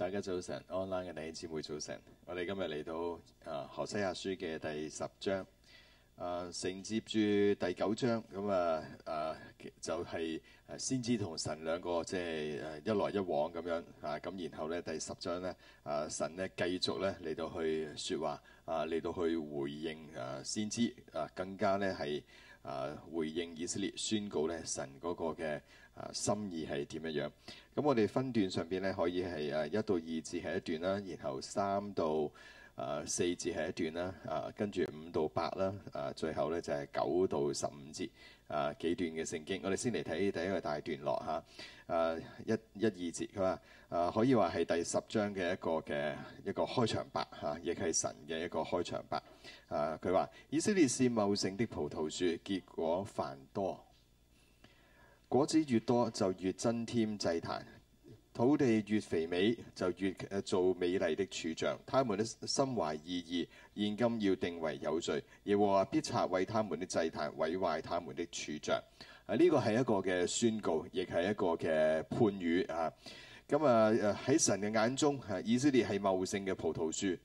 大家早晨，online 嘅弟兄姊妹早晨。我哋今日嚟到啊何西阿書嘅第十章，啊承接住第九章，咁啊啊就係、是、先知同神兩個即係一來一往咁樣啊，咁然後咧第十章咧啊神咧繼續咧嚟到去説話啊，嚟到去回應啊先知啊更加咧係啊回應以色列，宣告咧神嗰個嘅。啊，心意係點樣樣？咁我哋分段上邊咧，可以係啊一到二節係一段啦，然後三到啊四節係一段啦，啊跟住五到八啦，啊最後咧就係九到十五節啊幾段嘅聖經。我哋先嚟睇第一個大段落嚇，啊一一二節佢話啊可以話係第十章嘅一個嘅一個開場白嚇，亦係神嘅一個開場白啊。佢話，以色列是茂盛的葡萄樹，結果繁多，果子越多就越增添祭壇，土地越肥美就越做美麗的柱像，他們的心懷異意，現今要定為有罪，耶和華必拆為他們的祭壇，毀壞他們的柱像。啊，呢個係一個嘅宣告，亦係一個嘅判語啊。咁啊喺、啊、神嘅眼中，啊、以色列係茂盛嘅葡萄樹。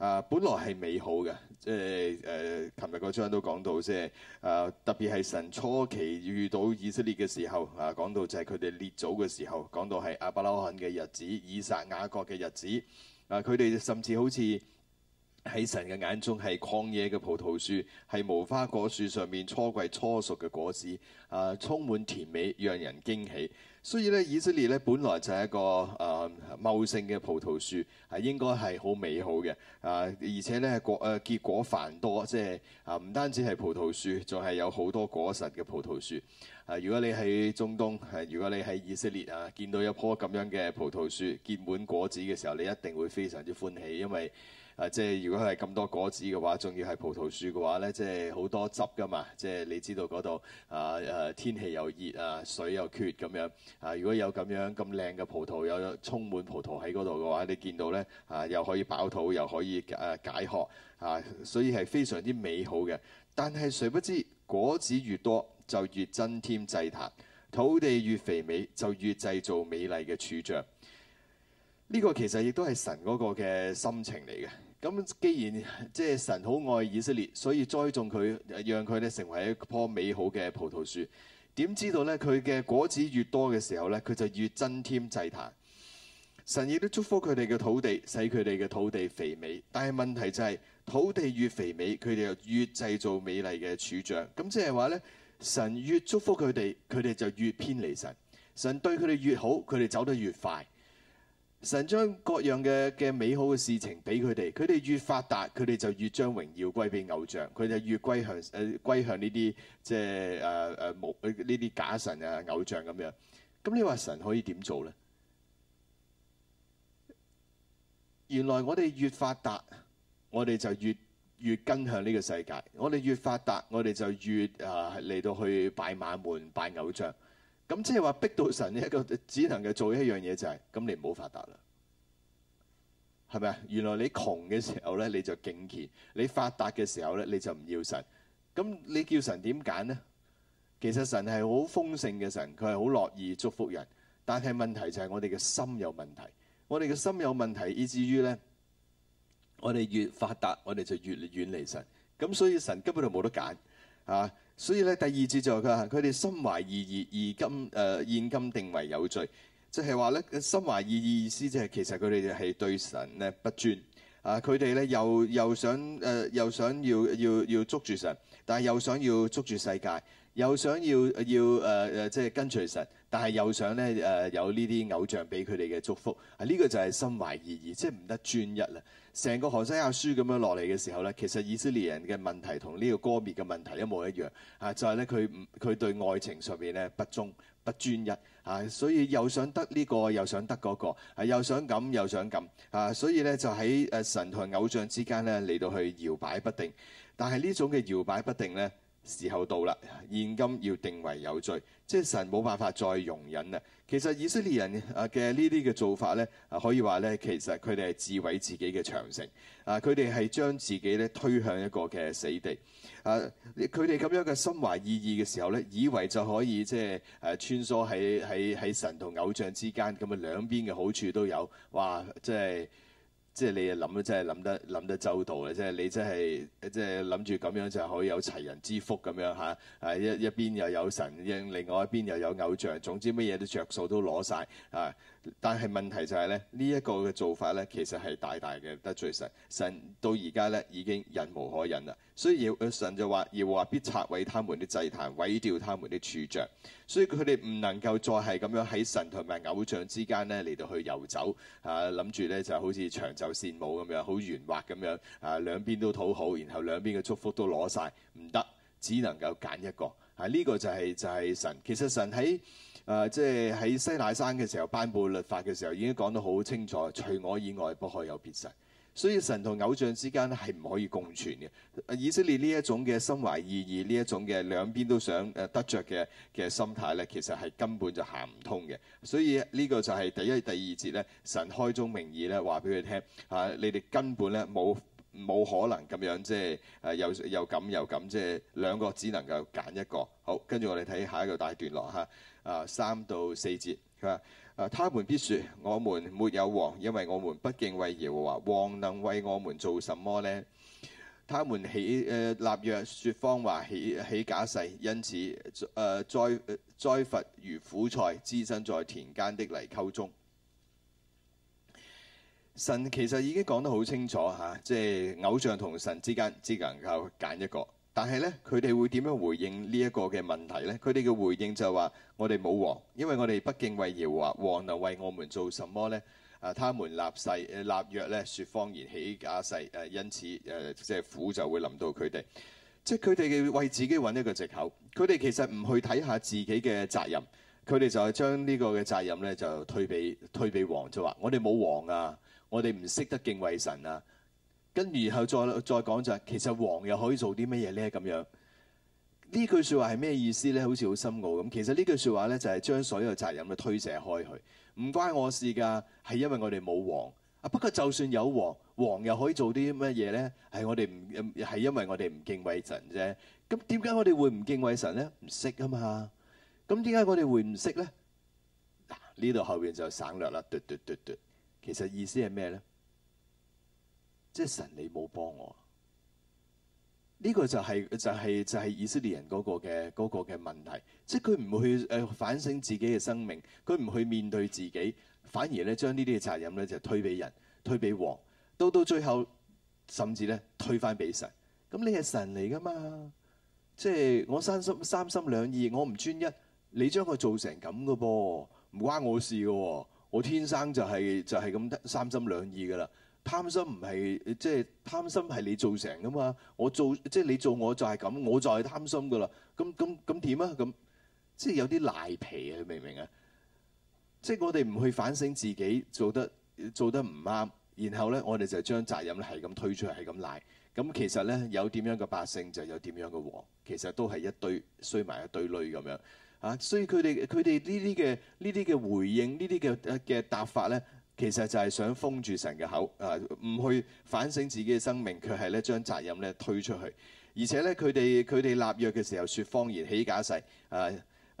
呃、本來係美好嘅，即係誒，琴日嗰章都講到，即、呃、係特別係神初期遇到以色列嘅時候，啊、呃，講到就係佢哋列祖嘅時候，講到係亞伯拉罕嘅日子、以撒雅各嘅日子，啊、呃，佢哋甚至好似喺神嘅眼中係曠野嘅葡萄樹，係無花果樹上面初季初熟嘅果子，啊、呃，充滿甜美，讓人驚喜。所以咧，以色列咧，本來就係一個誒、呃、茂盛嘅葡萄樹，係應該係好美好嘅。啊，而且咧果誒、呃、結果繁多，即係啊，唔單止係葡萄樹，仲係有好多果實嘅葡萄樹。啊，如果你喺中東，係、啊、如果你喺以色列啊，見到一棵咁樣嘅葡萄樹結滿果子嘅時候，你一定會非常之歡喜，因為。啊，即係如果係咁多果子嘅話，仲要係葡萄樹嘅話呢，即係好多汁噶嘛。即係你知道嗰度啊，誒天氣又熱啊，水又缺咁樣。啊，如果有咁樣咁靚嘅葡萄，有充滿葡萄喺嗰度嘅話，你見到呢啊，又可以飽肚，又可以誒解渴啊，啊，所以係非常之美好嘅。但係誰不知果子越多就越增添祭壇，土地越肥美就越製造美麗嘅柱像。呢個其實亦都係神嗰個嘅心情嚟嘅。咁既然即係神好愛以色列，所以栽種佢，讓佢咧成為一棵美好嘅葡萄樹，點知道咧佢嘅果子越多嘅時候咧，佢就越增添祭壇，神亦都祝福佢哋嘅土地，使佢哋嘅土地肥美。但係問題就係、是、土地越肥美，佢哋又越製造美麗嘅柱像。咁即係話咧，神越祝福佢哋，佢哋就越偏離神。神對佢哋越好，佢哋走得越快。神將各樣嘅嘅美好嘅事情俾佢哋，佢哋越發達，佢哋就越將榮耀歸俾偶像，佢哋越歸向誒、呃、歸向呢啲即係誒誒冇呢啲假神啊偶像咁樣。咁你話神可以點做咧？原來我哋越發達，我哋就越越跟向呢個世界；我哋越發達，我哋就越啊嚟、呃、到去拜馬門、拜偶像。咁即係話逼到神一個只能夠做一樣嘢就係，咁你唔好發達啦，係咪啊？原來你窮嘅時候咧，你就敬虔，你發達嘅時候咧，你就唔要神。咁你叫神點揀咧？其實神係好豐盛嘅神，佢係好樂意祝福人。但係問題就係我哋嘅心有問題，我哋嘅心有問題，以至於咧，我哋越發達，我哋就越遠離神。咁所以神根本就冇得揀，係嘛？所以咧，第二節就係佢，佢哋心懷二意，而今誒現今定為有罪，就係話咧，心懷二意意思即係其實佢哋係對神咧不專，啊，佢哋咧又又想誒又想要要要捉住神，但係又想要捉住世界，又想要要誒誒即係跟隨神。但係又想咧誒、呃、有呢啲偶像俾佢哋嘅祝福，啊呢、這個就係心懷二意，即係唔得專一啦。成個何西阿書咁樣落嚟嘅時候咧，其實以色列人嘅問題同呢個歌滅嘅問題一模一樣，啊就係咧佢唔佢對愛情上面咧不忠不專一，啊所以又想得呢、這個又想得嗰、那個，啊又想咁又想咁，啊所以咧就喺誒神同偶像之間咧嚟到去搖擺不定。但係呢種嘅搖擺不定咧。時候到啦，現今要定為有罪，即係神冇辦法再容忍啊！其實以色列人啊嘅呢啲嘅做法咧，可以話咧，其實佢哋係自毀自己嘅長城啊！佢哋係將自己咧推向一個嘅死地啊！佢哋咁樣嘅心懷二意嘅時候咧，以為就可以即係誒穿梭喺喺喺神同偶像之間，咁啊兩邊嘅好處都有，哇！即係。即係你啊諗都真係諗得諗得周到啦！即係你真係即係諗住咁樣就可以有齊人之福，咁樣嚇啊，一一邊又有神，另另外一邊又有偶像，總之乜嘢都着數都攞晒。啊！但係問題就係咧，呢一個嘅做法咧，其實係大大嘅得罪神。神到而家咧已經忍無可忍啦，所以要神就話要話必拆毀他們的祭壇，毀掉他們的柱像。所以佢哋唔能夠再係咁樣喺神同埋偶像之間呢嚟到去遊走，啊諗住咧就好似長袖善舞咁樣，好圓滑咁樣，啊兩邊都討好，然後兩邊嘅祝福都攞晒，唔得，只能夠揀一個。啊呢個就係就係神，其實神喺。誒、啊，即係喺西奈山嘅時候，頒布律法嘅時候，已經講得好清楚，除我以外不可有別神。所以神同偶像之間咧係唔可以共存嘅、啊。以色列呢一種嘅心懷二意，呢一種嘅兩邊都想誒得着嘅嘅心態咧，其實係根本就行唔通嘅。所以呢個就係第一第二節咧，神開宗明義咧話俾佢聽嚇，你哋根本咧冇冇可能咁樣即係誒又又咁又咁，即係、啊、兩個只能夠揀一個。好，跟住我哋睇下一個大段落嚇。啊、三到四節，佢話、啊：他們必説我們沒有王，因為我們不敬畏耶和華。王能為我們做什麼呢？他們起誒、呃、立約，説謊話起，起起假誓，因此誒災災罰如苦菜，滋生在田間的泥溝中。神其實已經講得好清楚嚇、啊，即係偶像同神之間，只能夠揀一個。但係咧，佢哋會點樣回應呢一個嘅問題咧？佢哋嘅回應就係話：我哋冇王，因為我哋不敬畏耶和華。王能為我們做什麼咧？啊，他們立誓、立約咧，説謊言、起假誓，誒、啊，因此誒，即、呃、係、就是苦就會臨到佢哋。即係佢哋嘅為自己揾一個藉口，佢哋其實唔去睇下自己嘅責任，佢哋就係將呢個嘅責任咧就推俾推俾王，就話：我哋冇王啊，我哋唔識得敬畏神啊。然後再再講就係，其實王又可以做啲乜嘢咧？咁樣呢句說話係咩意思咧？好似好深奧咁。其實呢句說話咧就係將所有責任都推卸開去，唔關我事噶，係因為我哋冇王。啊，不過就算有王，王又可以做啲乜嘢咧？係我哋唔係因為我哋唔敬畏神啫。咁點解我哋會唔敬畏神咧？唔識啊嘛。咁點解我哋會唔識咧？嗱，呢度後邊就省略啦。嘟嘟嘟嘟，其實意思係咩咧？即係神，你冇幫我，呢、這個就係、是、就係、是、就係、是、以色列人嗰個嘅嗰個嘅問題。即係佢唔去誒反省自己嘅生命，佢唔去面對自己，反而咧將呢啲嘅責任咧就推俾人，推俾王，到到最後甚至咧推返俾神。咁你係神嚟噶嘛？即係我三心三心兩意，我唔專一，你將佢做成咁嘅噃，唔關我事嘅喎、哦。我天生就係、是、就係、是、咁得三心兩意嘅啦。貪心唔係，即係貪心係你造成㗎嘛？我做，即係你做我就係咁，我就係貪心㗎喇。咁咁咁點啊？咁即係有啲賴皮啊！你明唔明啊？即係我哋唔去反省自己做得做得唔啱，然後咧我哋就將責任咧係咁推出嚟，係咁賴。咁其實咧有點樣嘅百姓就有點樣嘅王，其實都係一堆衰埋一堆類咁樣啊。所以佢哋佢哋呢啲嘅呢啲嘅回應呢啲嘅嘅答法咧。其實就係想封住神嘅口，啊、呃，唔去反省自己嘅生命，佢係咧將責任咧推出去，而且咧佢哋佢哋立約嘅時候説謊言，起假誓，呃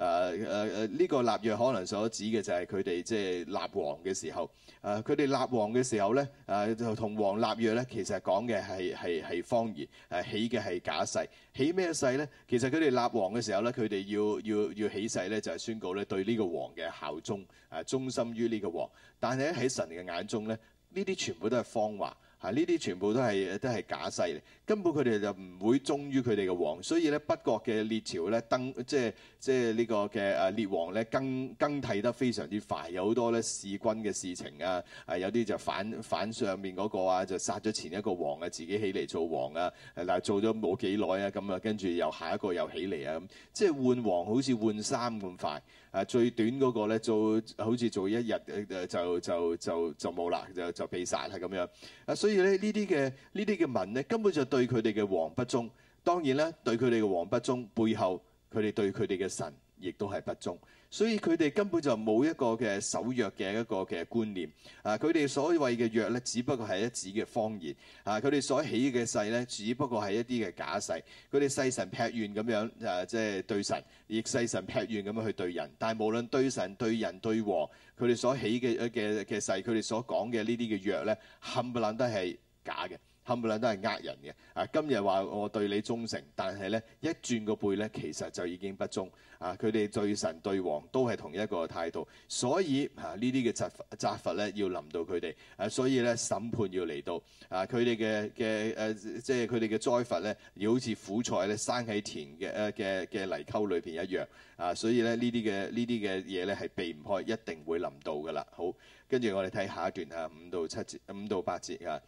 誒誒誒，呢、呃呃這個立約可能所指嘅就係佢哋即係立王嘅時候。誒、呃，佢哋立王嘅時候咧，誒、呃、就同王立約咧，其實講嘅係係係謊言，誒起嘅係假誓。起咩誓咧？其實佢哋立王嘅時候咧，佢哋要要要起誓咧，就係、是、宣告咧對呢個王嘅效忠，誒、啊、忠心於呢個王。但係喺神嘅眼中咧，呢啲全部都係謊話。嚇！呢啲、啊、全部都係都係假世，嚟，根本佢哋就唔會忠於佢哋嘅王，所以咧北國嘅列朝咧登即即係、這、呢個嘅誒、啊、列王咧更更替得非常之快，有好多咧弑君嘅事情啊，誒、啊、有啲就反反上面嗰個啊，就殺咗前一個王啊，自己起嚟做王啊，但係做咗冇幾耐啊，咁啊跟住又下一個又起嚟啊，咁即係換王好似換衫咁快。誒、啊、最短嗰個咧做好似做一日誒就就就就冇啦，就就，就，就，就，就被殺係咁樣。啊，所以咧呢啲嘅呢啲嘅民咧根本就對佢哋嘅王不忠，當然啦，對佢哋嘅王不忠，背後佢哋對佢哋嘅神亦都係不忠。所以佢哋根本就冇一個嘅守約嘅一個嘅觀念，啊！佢哋所謂嘅約咧，只不過係一紙嘅謊言，啊！佢哋所起嘅誓咧，只不過係一啲嘅假誓，佢哋誓神劈願咁樣，啊！即係對神，亦誓神劈願咁樣去對人，但係無論對神對人對和，佢哋所起嘅嘅嘅誓，佢哋所講嘅呢啲嘅約咧，冚唪唥都係假嘅。冚唪唥都係呃人嘅啊！今日話我對你忠誠，但係咧一轉個背咧，其實就已經不忠啊！佢哋對神對王都係同一個態度，所以啊，呢啲嘅責責罰咧要臨到佢哋啊，所以咧審判要嚟到啊！佢哋嘅嘅誒，即係佢哋嘅災罰咧，要好似苦菜咧生喺田嘅誒嘅嘅泥溝裏邊一樣啊！所以咧呢啲嘅呢啲嘅嘢咧係避唔開，一定會臨到噶啦。好，跟住我哋睇下一段啊，五到七節，五到八節啊。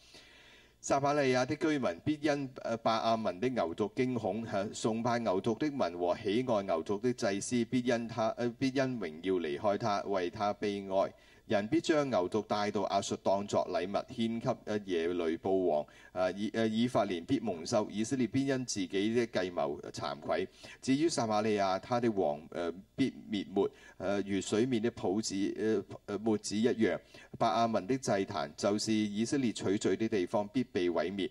撒瑪利亞的居民必因伯亞文的牛族驚恐；崇拜牛族的民和喜愛牛族的祭司，必因他、呃、必因榮耀離開他，為他悲哀。人必將牛犢帶到亞述，當作禮物獻給耶雷布王。啊、以，以法蓮必蒙羞，以色列必因自己的計謀慚愧。至於撒瑪利亞，他的王、呃、必滅沒，如、呃、水面的泡沫子、呃、沫子一樣。伯亞文的祭壇就是以色列取罪的地方，必被毀滅。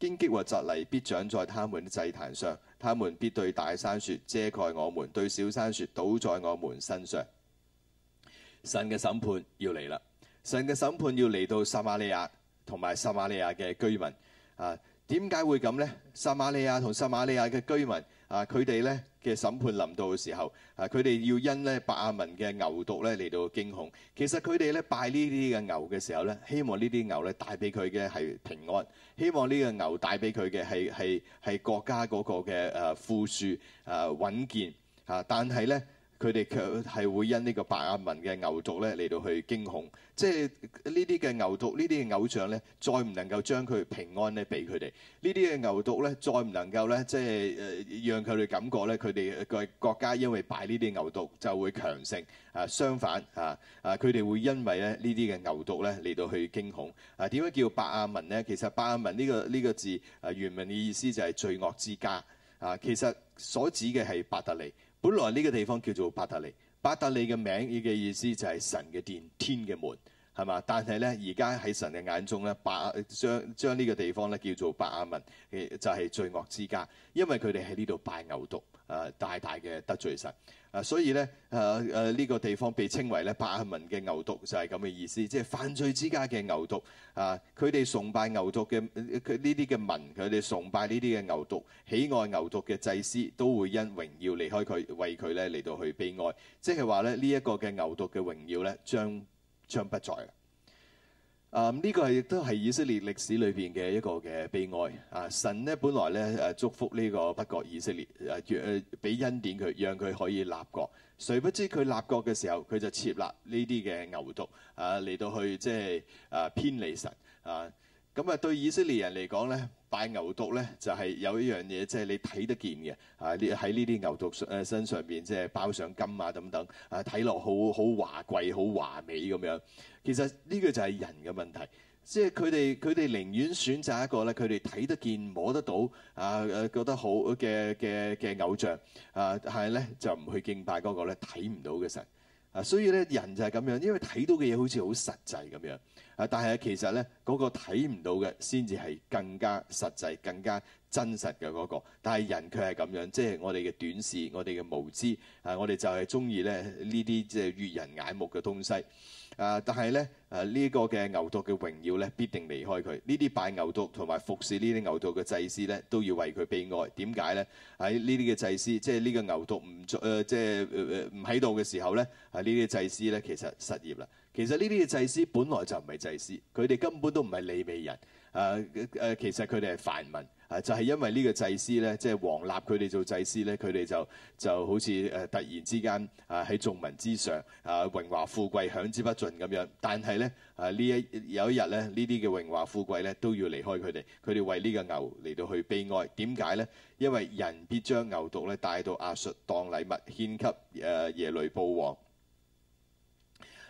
荊棘和蒺藜必長在他們的祭壇上，他們必對大山說：遮蓋我們；對小山說：倒在我們身上。神嘅審判要嚟啦！神嘅審判要嚟到撒瑪利亞同埋撒瑪利亞嘅居民啊！點解會咁咧？撒瑪利亞同撒瑪利亞嘅居民啊，佢哋咧嘅審判臨到嘅時候啊，佢哋要因咧伯亞文嘅牛犢咧嚟到驚恐。其實佢哋咧拜呢啲嘅牛嘅時候咧，希望呢啲牛咧帶俾佢嘅係平安，希望呢個牛帶俾佢嘅係係係國家嗰個嘅誒、啊、富庶誒、啊、穩健啊！但係咧，佢哋卻係會因呢個伯亞文嘅牛犢咧嚟到去驚恐，即係呢啲嘅牛犢，呢啲嘅偶像咧，再唔能夠將佢平安咧俾佢哋，呢啲嘅牛犢咧，再唔能夠咧，即係誒讓佢哋感覺咧，佢哋個國家因為拜呢啲牛犢就會強盛啊，相反啊啊，佢哋會因為咧呢啲嘅牛犢咧嚟到去驚恐啊，點解叫伯亞文咧？其實伯亞文呢個呢個字啊，原文嘅意思就係罪惡之家啊，其實所指嘅係伯特利。本來呢個地方叫做伯特利，伯特利嘅名嘅意思就係神嘅殿，天嘅門。係嘛？但係咧，而家喺神嘅眼中咧，伯將將呢個地方咧叫做伯亞文，就係、是、罪惡之家，因為佢哋喺呢度拜牛犢，誒、呃、大大嘅得罪神。誒、呃、所以咧，誒誒呢個地方被稱為咧伯亞文嘅牛犢就係咁嘅意思，即係犯罪之家嘅牛犢。啊、呃，佢哋崇拜牛犢嘅佢呢啲嘅民，佢哋崇拜呢啲嘅牛犢，喜愛牛犢嘅祭司都會因榮耀離開佢，為佢咧嚟到去悲哀。即係話咧，呢、這、一個嘅牛犢嘅榮耀咧，將將不在啊呢、嗯這個係亦都係以色列歷史裏邊嘅一個嘅悲哀。啊，神呢，本來咧誒祝福呢個北國以色列誒，俾、呃、恩典佢，讓佢可以立國。誰不知佢立國嘅時候，佢就設立呢啲嘅牛犢啊，嚟到去即係啊偏離神啊。咁啊，對以色列人嚟講咧。拜牛犢咧，就係有一樣嘢，即係你睇得見嘅，喺呢啲牛犢身上邊，即係包上金啊等等，睇落好好華貴，好華美咁樣。其實呢個就係人嘅問題，即係佢哋佢哋寧願選擇一個咧，佢哋睇得見、摸得到，啊，覺得好嘅嘅嘅偶像，但係咧就唔去敬拜嗰個咧睇唔到嘅神。啊，所以咧人就係咁樣，因為睇到嘅嘢好似好實際咁樣，啊，但係其實咧嗰個睇唔到嘅先至係更加實際、更加真實嘅嗰個。但係人卻係咁樣，即係我哋嘅短視、我哋嘅無知，啊，我哋就係中意咧呢啲即係悅人眼目嘅東西。啊、呃！但係咧，誒、呃、呢、這個嘅牛犢嘅榮耀咧，必定離開佢。呢啲拜牛犢同埋服侍呢啲牛犢嘅祭司咧，都要為佢悲哀。點解咧？喺呢啲嘅祭司，即係呢個牛犢唔誒、呃，即係誒誒唔喺度嘅時候咧，係、啊、呢啲祭司咧，其實失業啦。其實呢啲嘅祭司本來就唔係祭司，佢哋根本都唔係利未人。誒誒，其實佢哋係凡民，誒就係、是、因為呢個祭司咧，即、就、係、是、王立佢哋做祭司咧，佢哋就就好似誒突然之間啊喺眾民之上啊榮華富貴享之不盡咁樣。但係咧啊，呢一有一日咧，呢啲嘅榮華富貴咧都要離開佢哋，佢哋為呢個牛嚟到去悲哀。點解咧？因為人必將牛犢咧帶到亞述當禮物獻給誒耶雷布王。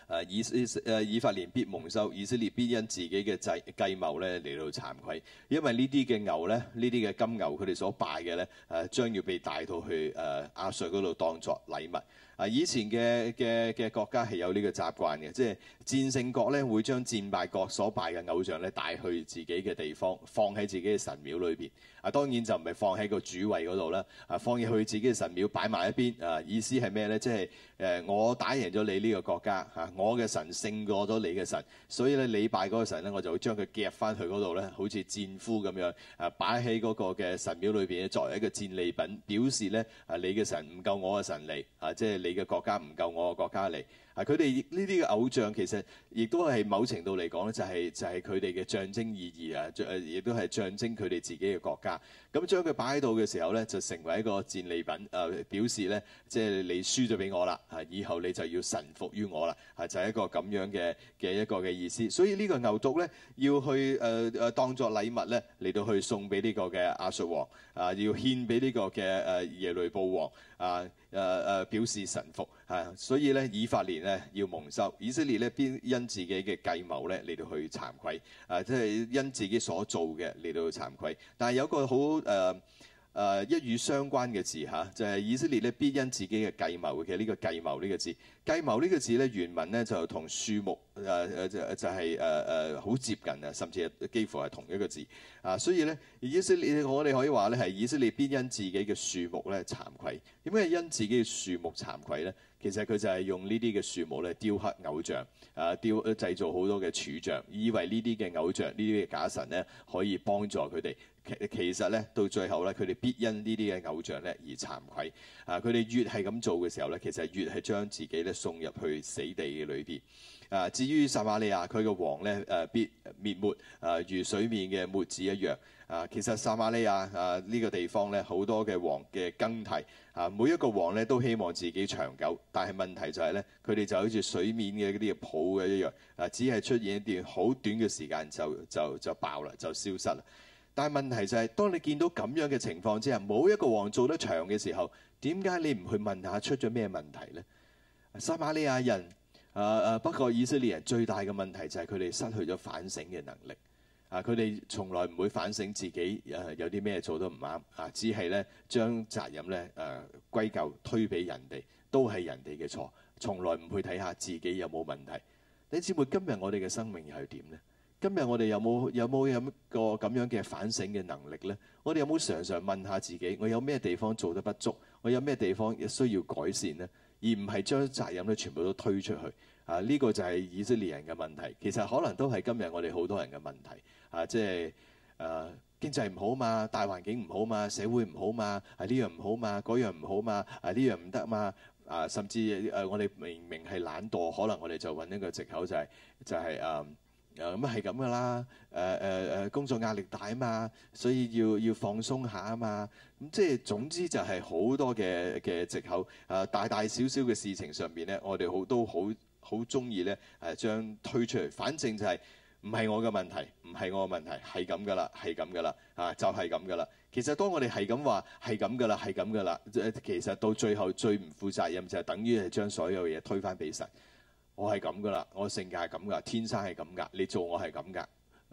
誒以斯誒以法蓮必蒙羞，以色列必因自己嘅計計謀咧嚟到慚愧，因為呢啲嘅牛咧，呢啲嘅金牛佢哋所拜嘅咧，誒、啊、將要被帶到去誒亞述嗰度當作禮物。啊，以前嘅嘅嘅國家係有呢個習慣嘅，即係。戰勝國咧會將戰敗國所拜嘅偶像帶去自己嘅地方，放喺自己嘅神廟裏面。當然，就唔係放喺個主位嗰度啦,放喺自己嘅神廟，擺埋一邊。意思係咩呢？啊！佢哋呢啲嘅偶像其實亦都係某程度嚟講咧，就係就係佢哋嘅象徵意義啊，亦都係象徵佢哋自己嘅國家。咁將佢擺喺度嘅時候咧，就成為一個戰利品啊、呃！表示咧，即、就、係、是、你輸咗俾我啦，啊！以後你就要臣服於我啦，啊！就係、一個咁樣嘅嘅一個嘅意思。所以呢個牛犢咧，要去誒誒、呃、當作禮物咧，嚟到去送俾呢個嘅亞述王啊、呃，要獻俾呢個嘅誒耶雷布王啊。呃誒誒、呃呃、表示臣服嚇，所以咧，以法蓮呢要蒙羞。以色列咧，邊因自己嘅計謀咧嚟到去慚愧啊，即係因自己所做嘅嚟到慚愧。但係有個好誒。呃誒、啊、一語相關嘅字嚇、啊，就係、是、以色列咧必因自己嘅計謀。其實呢個計謀呢個字，計謀呢個字咧原文咧就同樹木誒誒、啊、就就係誒誒好接近啊，甚至係幾乎係同一個字啊，所以咧以色列我哋可以話咧係以色列必因自己嘅樹木咧慚愧，點解因自己嘅樹木慚愧咧？其實佢就係用呢啲嘅樹木咧雕刻偶像，誒、啊、雕製造好多嘅柱像，以為呢啲嘅偶像呢啲嘅假神咧可以幫助佢哋。其其實咧，到最後咧，佢哋必因呢啲嘅偶像咧而慚愧啊！佢哋越係咁做嘅時候咧，其實越係將自己咧送入去死地嘅裏邊啊。至於撒瑪利亞，佢嘅王咧誒、啊、必滅沒啊，如水面嘅沫子一樣啊。其實撒瑪利亞啊呢、呢個地方咧，好多嘅王嘅更替啊，每一個王咧都希望自己長久，但係問題就係咧，佢哋就好似水面嘅嗰啲泡沫一樣啊，只係出現一段好短嘅時間就就就，就爆啦，就消失啦。但係問題就係，當你見到咁樣嘅情況之下，冇一個王做得長嘅時候，點解你唔去問下出咗咩問題呢？撒馬利亞人啊啊，不過以色列人最大嘅問題就係佢哋失去咗反省嘅能力啊！佢哋從來唔會反省自己誒有啲咩做得唔啱啊，只係咧將責任咧誒歸咎推俾人哋，都係人哋嘅錯，從來唔去睇下自己有冇問題。你知唔知今日我哋嘅生命又係點呢？今日我哋有冇有冇有一個咁樣嘅反省嘅能力咧？我哋有冇常常問下自己，我有咩地方做得不足？我有咩地方需要改善咧？而唔係將責任咧全部都推出去啊！呢個就係以色列人嘅問題，其實可能都係今日我哋好多人嘅問題啊！即係誒經濟唔好嘛，大環境唔好嘛，社會唔好嘛，啊呢樣唔好嘛，嗰樣唔好嘛，啊呢樣唔得嘛啊！甚至誒我哋明明係懶惰，可能我哋就揾一個藉口就係就係誒。誒咁係咁噶啦，誒誒誒工作壓力大啊嘛，所以要要放鬆下啊嘛，咁、嗯、即係總之就係好多嘅嘅藉口，誒、呃、大大小小嘅事情上邊咧，我哋好都好好中意咧誒將推出嚟，反正就係唔係我嘅問題，唔係我嘅問題，係咁噶啦，係咁噶啦，啊就係咁噶啦。其實當我哋係咁話，係咁噶啦，係咁噶啦，誒、呃、其實到最後最唔負責任就係等於係將所有嘢推返俾神。我係咁噶啦，我性格係咁噶，天生係咁噶。你做我係咁噶，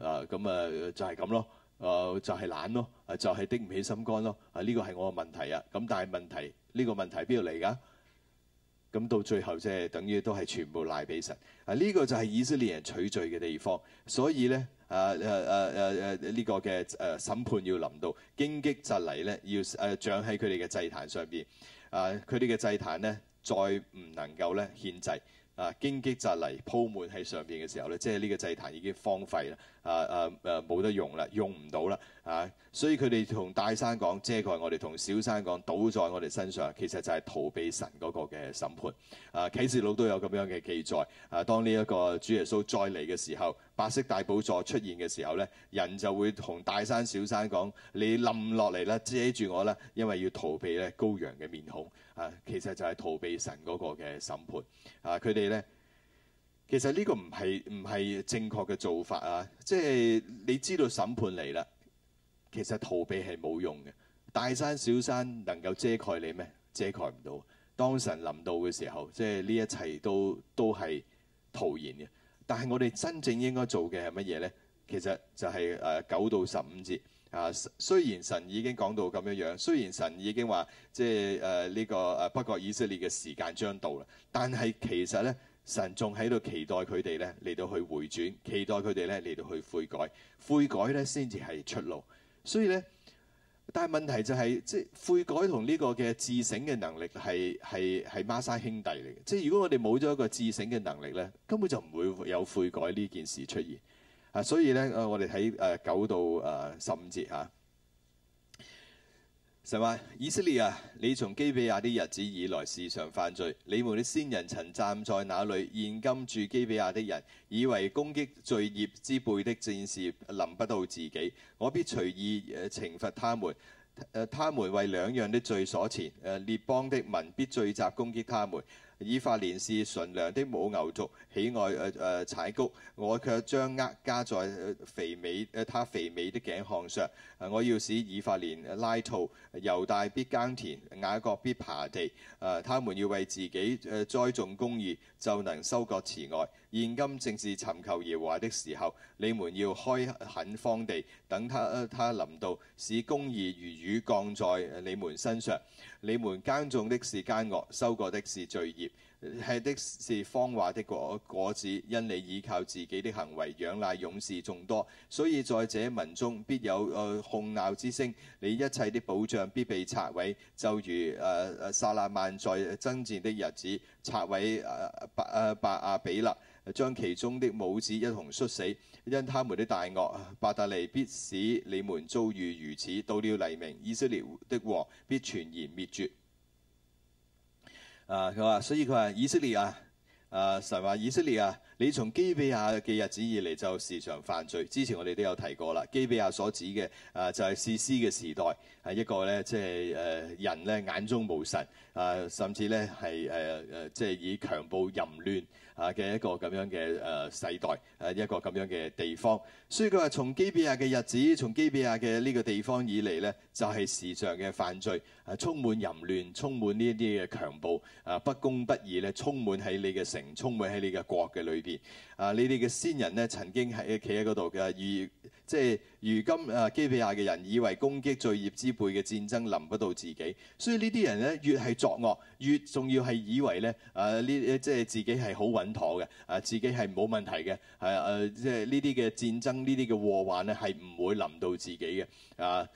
啊咁啊就係咁咯，啊就係懶咯，啊就係的唔起心肝咯，啊呢個係我嘅問題啊。咁但係問題呢個問題邊度嚟㗎？咁到最後即係等於都係全部賴俾神。啊呢個就係以色列人取罪嘅地方，所以咧啊誒誒誒誒呢個嘅誒審判要臨到，荊棘襲嚟咧要誒長喺佢哋嘅祭壇上邊，啊佢哋嘅祭壇咧再唔能夠咧獻祭。啊，荊棘就嚟鋪滿喺上邊嘅時候咧，即係呢個祭壇已經荒廢啦，啊啊啊，冇、啊、得用啦，用唔到啦，啊，所以佢哋同大山講遮蓋我哋，同小山講倒在我哋身上，其實就係逃避神嗰個嘅審判。啊，啟示錄都有咁樣嘅記載。啊，當呢一個主耶穌再嚟嘅時候，白色大寶座出現嘅時候咧，人就會同大山、小山講：你冧落嚟啦，遮住我啦，因為要逃避咧羔羊嘅面孔。啊，其實就係逃避神嗰個嘅審判。啊，佢哋咧，其實呢個唔係唔係正確嘅做法啊！即係你知道審判嚟啦，其實逃避係冇用嘅。大山小山能夠遮蓋你咩？遮蓋唔到。當神臨到嘅時候，即係呢一切都都係徒然嘅。但係我哋真正應該做嘅係乜嘢咧？其實就係誒九到十五節。啊，雖然神已經講到咁樣樣，雖然神已經話，即係誒呢個誒不過以色列嘅時間將到啦，但係其實咧，神仲喺度期待佢哋咧嚟到去回轉，期待佢哋咧嚟到去悔改，悔改咧先至係出路。所以咧，但係問題就係，即係悔改同呢個嘅自省嘅能力係係係孖生兄弟嚟嘅。即係如果我哋冇咗一個自省嘅能力咧，根本就唔會有悔改呢件事出現。啊，所以咧，我哋喺誒九到誒、呃、十五節嚇，成、啊、話以色列啊，你從基比亞啲日子以來時常犯罪，你們的先人曾站在那裏，現今住基比亞的人以為攻擊罪孽之輩的戰士臨不到自己，我必隨意誒懲罰他們，誒他們為兩樣的罪所纏，誒、啊、列邦的民必聚集攻擊他們。以法蓮是純良的母牛族，喜愛誒誒、呃、踩谷，我卻將軛加在肥美誒他肥美的頸項，項上、呃。我要使以法蓮拉套，猶大必耕田，雅各必耙地。誒、呃，他們要為自己誒、呃、栽種公義，就能收割慈愛。現今正是尋求耶和華的時候，你們要開墾荒地，等他他臨到，使公義如雨降在你們身上。你們耕種的是奸惡，收割的是罪孽，吃的是謊話的果，果子。因你依靠自己的行為，仰賴勇士眾多，所以在這民中必有誒哄鬧之聲。你一切的保障必被拆毀，就如誒誒沙勒幔在爭戰的日子拆毀誒伯誒伯亞比勒。呃將其中的母子一同摔死，因他們的大惡，伯特利必使你們遭遇如此。到了黎明，以色列的王必全然滅絕。啊，佢話，所以佢、啊啊、話，以色列啊，啊神話以色列啊，你從基比亞嘅日子以嚟就時常犯罪。之前我哋都有提過啦，基比亞所指嘅啊就係士師嘅時代，係一個咧即係誒人咧眼中無神啊，甚至咧係誒誒即係以強暴淫亂。啊嘅一個咁樣嘅誒世代，誒一個咁樣嘅地方，所以佢話從基比亞嘅日子，從基比亞嘅呢個地方以嚟呢就係時常嘅犯罪，啊充滿淫亂，充滿呢一啲嘅強暴，啊不公不義咧，充滿喺你嘅城，充滿喺你嘅國嘅裏邊。啊！你哋嘅先人咧，曾經係企喺嗰度嘅，如即係如今啊，基比亞嘅人以為攻擊罪孽之輩嘅戰爭臨不到自己，所以呢啲人咧，越係作惡，越仲要係以為咧啊呢即係自己係好穩妥嘅啊，自己係冇問題嘅係啊，即係呢啲嘅戰爭呢啲嘅禍患咧係唔會臨到自己嘅啊。啊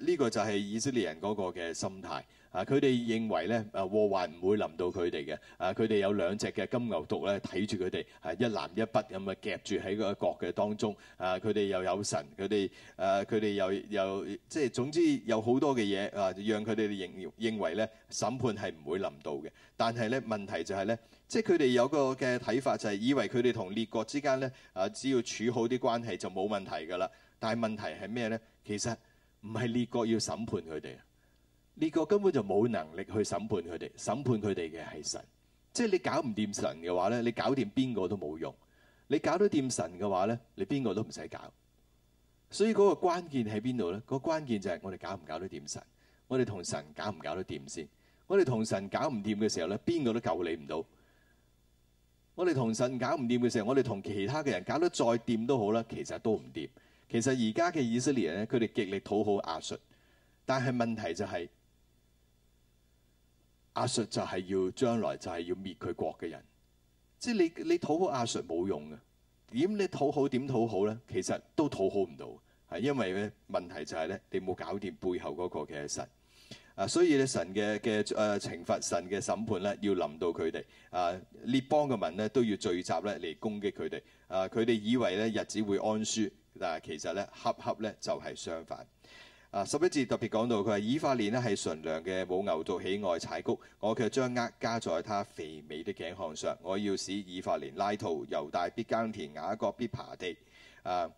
呢個就係以色列人嗰個嘅心態。啊！佢哋認為咧，誒禍患唔會臨到佢哋嘅。啊！佢哋有兩隻嘅金牛犢咧，睇住佢哋，係一男一筆一南一北咁啊夾住喺個角嘅當中。啊！佢哋又有神，佢哋誒佢哋又又即係總之有好多嘅嘢啊，讓佢哋認認為咧審判係唔會臨到嘅。但係咧，問題就係咧，即係佢哋有個嘅睇法就係以為佢哋同列國之間咧啊，只要處好啲關係就冇問題㗎啦。但係問題係咩咧？其實唔係列國要審判佢哋。呢個根本就冇能力去審判佢哋，審判佢哋嘅係神。即係你搞唔掂神嘅話咧，你搞掂邊個都冇用。你搞得掂神嘅話咧，你邊個都唔使搞。所以嗰個關鍵喺邊度咧？嗰、那個、關鍵就係我哋搞唔搞得掂神。我哋同神搞唔搞得掂先。我哋同神搞唔掂嘅時候咧，邊個都救你唔到。我哋同神搞唔掂嘅時候，我哋同其他嘅人搞得再掂都好啦，其實都唔掂。其實而家嘅以色列人咧，佢哋極力討好亞述，但係問題就係、是。阿術就係要將來就係要滅佢國嘅人，即係你你討好阿術冇用嘅，點你討好點討好咧？其實都討好唔到，係因為咧問題就係咧你冇搞掂背後嗰個嘅神，啊，所以咧神嘅嘅誒懲罰神嘅審判咧要臨到佢哋，啊，列邦嘅民咧都要聚集咧嚟攻擊佢哋，啊，佢哋以為咧日子會安舒，但係其實咧恰恰咧就係相反。啊，十一節特別講到佢話，以法蓮咧係純良嘅，母牛犢喜愛踩谷。我卻將軛加在他肥美的頸項，項上，我要使以法蓮拉套，猶大必耕田，雅各必爬地。啊，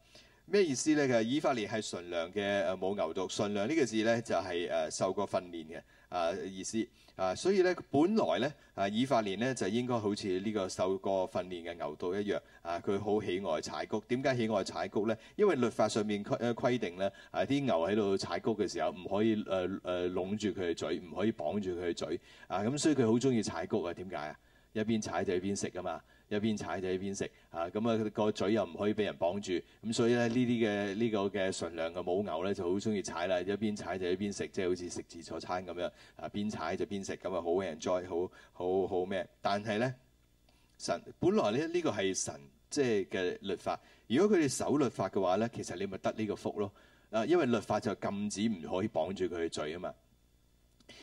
咩意思咧？佢話以法蓮係純良嘅，誒母牛犢純良呢個字咧就係、是、誒、呃、受過訓練嘅啊意思。啊，所以咧，本來咧，啊，以法蓮咧就應該好似呢個受過訓練嘅牛道一樣，啊，佢好喜愛踩谷。點解喜愛踩谷咧？因為律法上面規規定咧，啊，啲牛喺度踩谷嘅時候唔可以誒誒籠住佢嘅嘴，唔可以綁住佢嘅嘴，啊，咁所以佢好中意踩谷啊？點解啊？一邊踩就一邊食啊嘛。一邊踩就一邊食，嚇咁啊、個嘴又唔可以俾人綁住，咁所以咧呢啲嘅呢個嘅純良嘅母牛咧就好中意踩啦，一邊踩就一邊食，即係好似食自助餐咁樣，啊邊踩就邊食咁啊，好 enjoy，好好好咩？但係咧神，本來咧呢個係神即係嘅律法。如果佢哋守律法嘅話咧，其實你咪得呢個福咯，啊因為律法就禁止唔可以綁住佢嘅嘴啊嘛。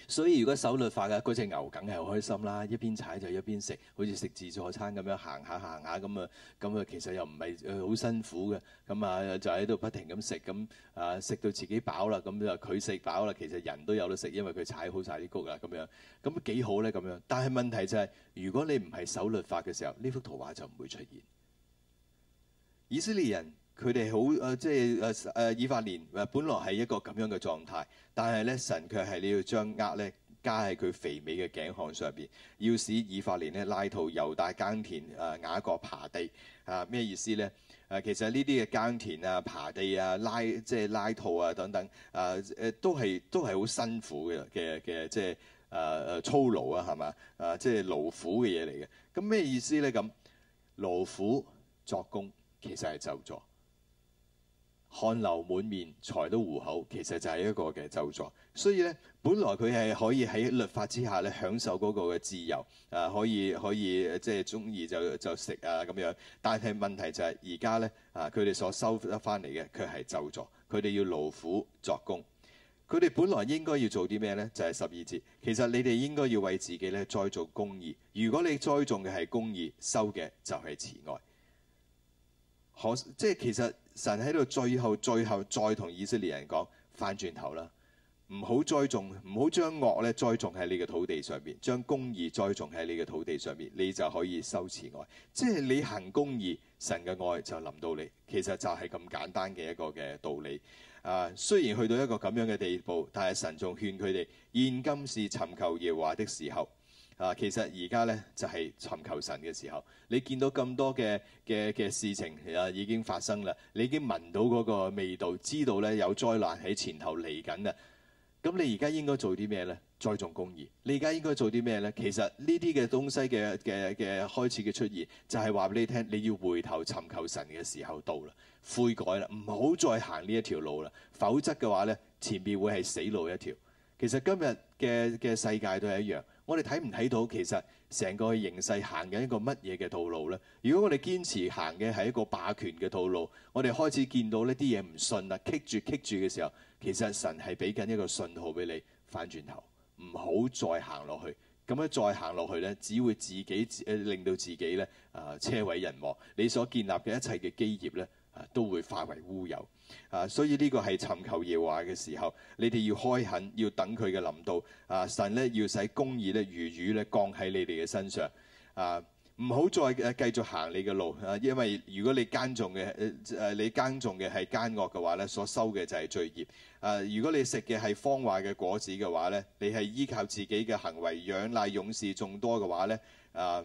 所以如果守律法嘅嗰隻牛梗係好開心啦，一邊踩就一邊食，好似食自助餐咁樣行下行下咁啊，咁啊其實又唔係好辛苦嘅，咁啊就喺度不停咁食，咁啊食到自己飽啦，咁就佢食飽啦，其實人都有得食，因為佢踩好晒啲穀啦，咁樣咁幾好咧咁樣。但係問題就係，如果你唔係守律法嘅時候，呢幅圖畫就唔會出現。以色列人。佢哋好誒，即係誒誒，以法蓮誒，本來係一個咁樣嘅狀態，但係咧，神卻係你要將軛咧加喺佢肥美嘅頸項，項上邊，要使以法蓮咧拉套，猶大耕田，誒、啊、雅各爬地啊？咩意思咧？誒、啊，其實呢啲嘅耕田啊、爬地啊、拉即係拉套啊等等啊誒，都係都係好辛苦嘅嘅嘅，即係誒誒操勞啊，係嘛啊，即係勞苦嘅嘢嚟嘅。咁、啊、咩意思咧？咁勞苦作工，其實係就坐。汗流滿面才都糊口，其實就係一個嘅咒詛。所以咧，本來佢係可以喺律法之下咧享受嗰個嘅自由，啊可以可以即係中意就就食啊咁樣。但係問題就係而家咧啊，佢哋所收得返嚟嘅，佢係咒詛，佢哋要勞苦作工。佢哋本來應該要做啲咩咧？就係、是、十二節。其實你哋應該要為自己咧栽種公義。如果你栽種嘅係公義，收嘅就係慈愛。可即係其實。神喺度，最後、最後、再同以色列人講，翻轉頭啦，唔好栽種，唔好將惡咧栽種喺你嘅土地上面，將公義栽種喺你嘅土地上面，你就可以收慈愛。即係你行公義，神嘅愛就臨到你。其實就係咁簡單嘅一個嘅道理。啊，雖然去到一個咁樣嘅地步，但係神仲勸佢哋，現今是尋求耶和華的時候。啊，其實而家咧就係尋求神嘅時候。你見到咁多嘅嘅嘅事情啊，已經發生啦。你已經聞到嗰個味道，知道咧有災難喺前頭嚟緊啦。咁你而家應該做啲咩咧？栽種公義。你而家應該做啲咩咧？其實呢啲嘅東西嘅嘅嘅開始嘅出現，就係話俾你聽，你要回頭尋求神嘅時候到啦，悔改啦，唔好再行呢一條路啦。否則嘅話咧，前邊會係死路一條。其實今日嘅嘅世界都係一樣。我哋睇唔睇到，其實成個形勢行緊一個乜嘢嘅套路咧？如果我哋堅持行嘅係一個霸權嘅套路，我哋開始見到呢啲嘢唔信啦，棘住棘住嘅時候，其實神係俾緊一個信號俾你翻轉頭，唔好再行落去。咁樣再行落去咧，只會自己誒令到自己咧啊、呃、車毀人亡。你所建立嘅一切嘅基業咧，啊、呃、都會化為烏有。啊，所以呢個係尋求耶華嘅時候，你哋要開墾，要等佢嘅臨到。啊，神咧要使公義咧如雨咧降喺你哋嘅身上。啊，唔好再繼續行你嘅路。啊，因為如果你耕種嘅誒誒，你耕種嘅係奸惡嘅話咧，所收嘅就係罪孽。啊，如果你食嘅係謊話嘅果子嘅話咧，你係依靠自己嘅行為仰賴勇士眾多嘅話咧，啊。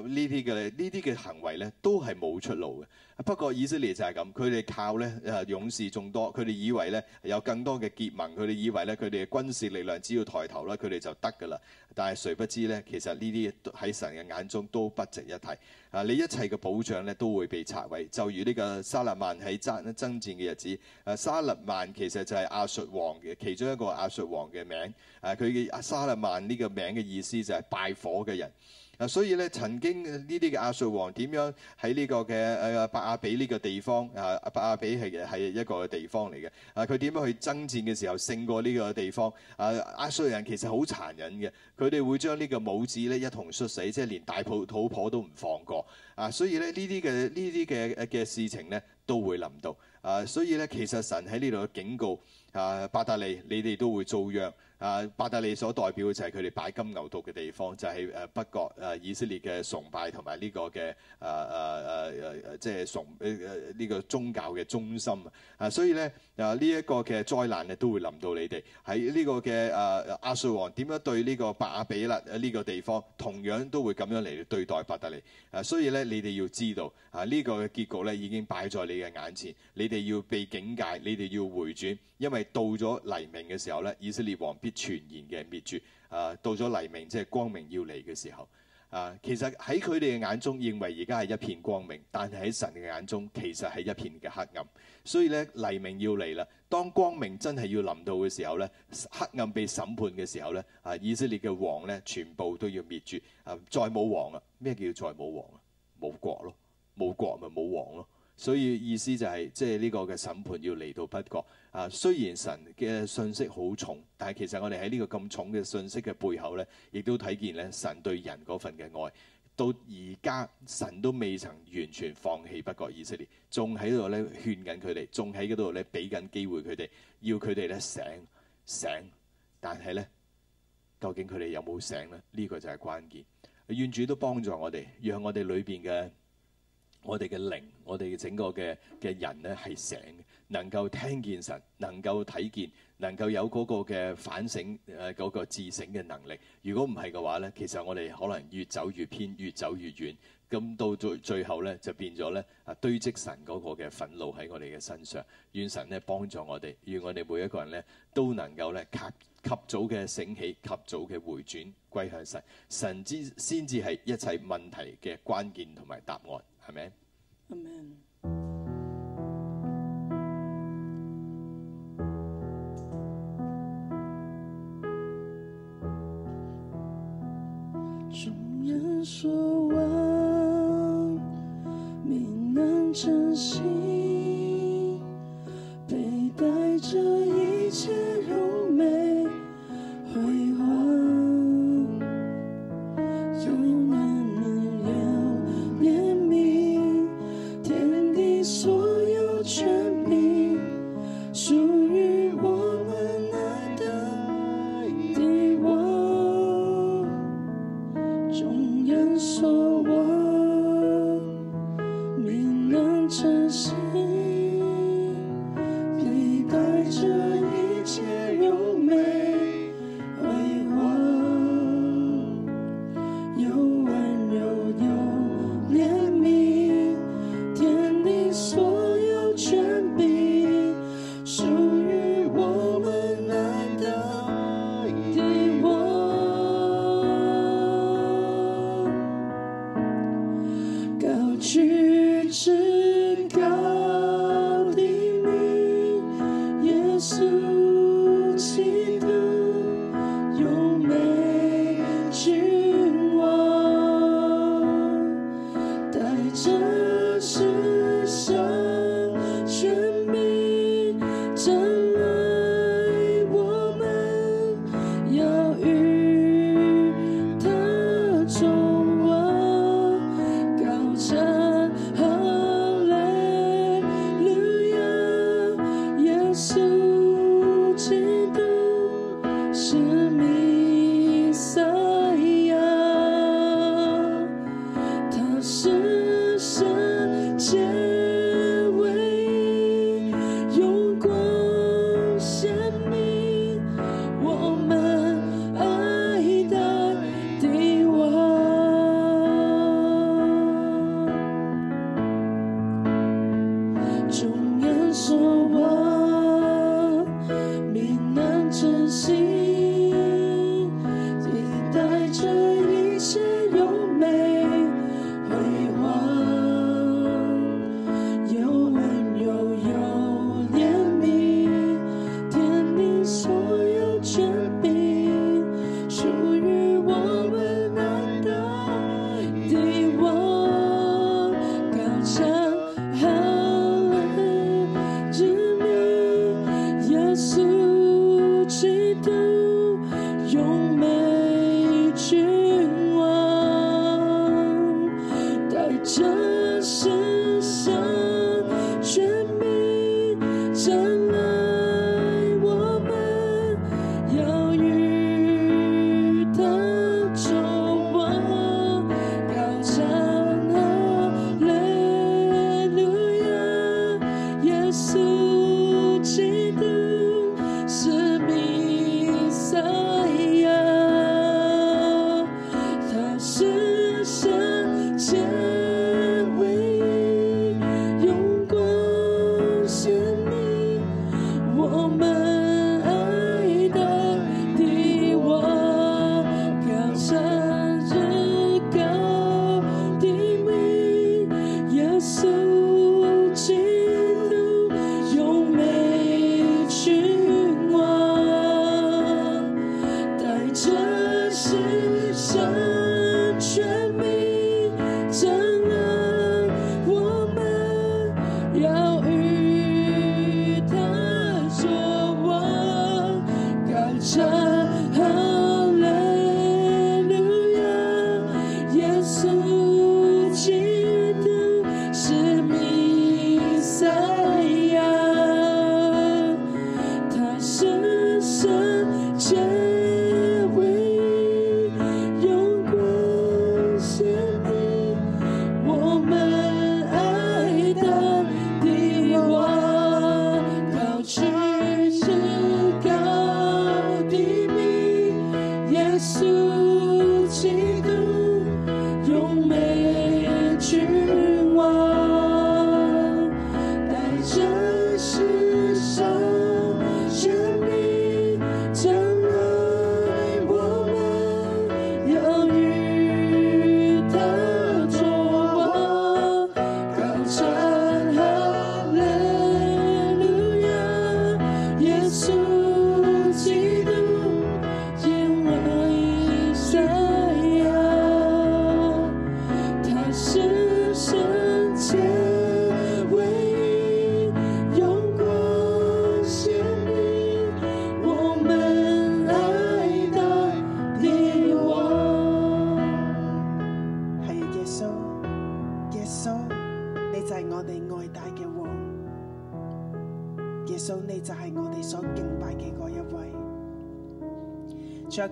呢啲嘅呢啲嘅行為咧，都係冇出路嘅。不過以色列就係咁，佢哋靠咧啊勇士眾多，佢哋以為咧有更多嘅結盟，佢哋以為咧佢哋嘅軍事力量只要抬頭咧，佢哋就得噶啦。但係誰不知咧，其實呢啲喺神嘅眼中都不值一提。啊，你一切嘅保障咧都會被拆毀。就如呢個沙勒曼喺爭爭戰嘅日子，啊，沙勒曼其實就係亞述王嘅其中一個亞述王嘅名。啊，佢嘅沙勒曼呢個名嘅意思就係拜火嘅人。啊、所以咧，曾經呢啲嘅亞述王點樣喺呢個嘅阿伯亞比呢個地方啊？阿伯亞比係係一個地方嚟嘅。啊，佢點樣去爭戰嘅時候勝過呢個地方？啊，亞述人其實好殘忍嘅，佢哋會將呢個母子咧一同摔死，即係連大肚婆、老婆都唔放過。啊，所以咧呢啲嘅呢啲嘅嘅事情咧都會臨到。啊，所以咧其實神喺呢度警告啊，伯特利，你哋都會遭殃。啊，伯特利所代表嘅就係佢哋擺金牛犢嘅地方，就係誒北國誒以色列嘅崇拜同埋呢個嘅誒誒誒誒即係崇誒誒呢個宗教嘅中心啊！所以咧，啊呢一、這個嘅災難咧都會臨到你哋。喺呢個嘅誒亞述王點樣對呢個伯亞比勒呢個地方，同樣都會咁樣嚟對待伯特利啊！所以咧，你哋要知道啊，這個、呢個嘅結局咧已經擺在你嘅眼前，你哋要被警戒，你哋要回轉。因為到咗黎明嘅時候咧，以色列王必全然嘅滅絕。啊，到咗黎明，即係光明要嚟嘅時候。啊，其實喺佢哋嘅眼中認為而家係一片光明，但係喺神嘅眼中其實係一片嘅黑暗。所以咧，黎明要嚟啦。當光明真係要臨到嘅時候咧，黑暗被審判嘅時候咧，啊，以色列嘅王咧，全部都要滅絕。啊，再冇王啊。咩叫再冇王啊？冇國咯，冇國咪冇王咯。所以意思就係即係呢個嘅審判要嚟到北國。啊，雖然神嘅信息好重，但係其實我哋喺呢個咁重嘅信息嘅背後呢亦都睇見呢神對人嗰份嘅愛。到而家神都未曾完全放棄北國以色列，仲喺度呢勸緊佢哋，仲喺嗰度呢俾緊機會佢哋，要佢哋呢醒醒。但係呢，究竟佢哋有冇醒呢？呢個就係關鍵。願主都幫助我哋，讓我哋裏邊嘅我哋嘅靈，我哋嘅整個嘅嘅人呢係醒嘅。能夠聽見神，能夠睇見，能夠有嗰個嘅反省，誒、呃、嗰、那個自省嘅能力。如果唔係嘅話咧，其實我哋可能越走越偏，越走越遠。咁到最最後咧，就變咗咧啊堆積神嗰個嘅憤怒喺我哋嘅身上。願神咧幫助我哋，願我哋每一個人咧都能夠咧及及早嘅醒起，及早嘅回轉歸向神。神之先至係一切問題嘅關鍵同埋答案，係咪？Amen。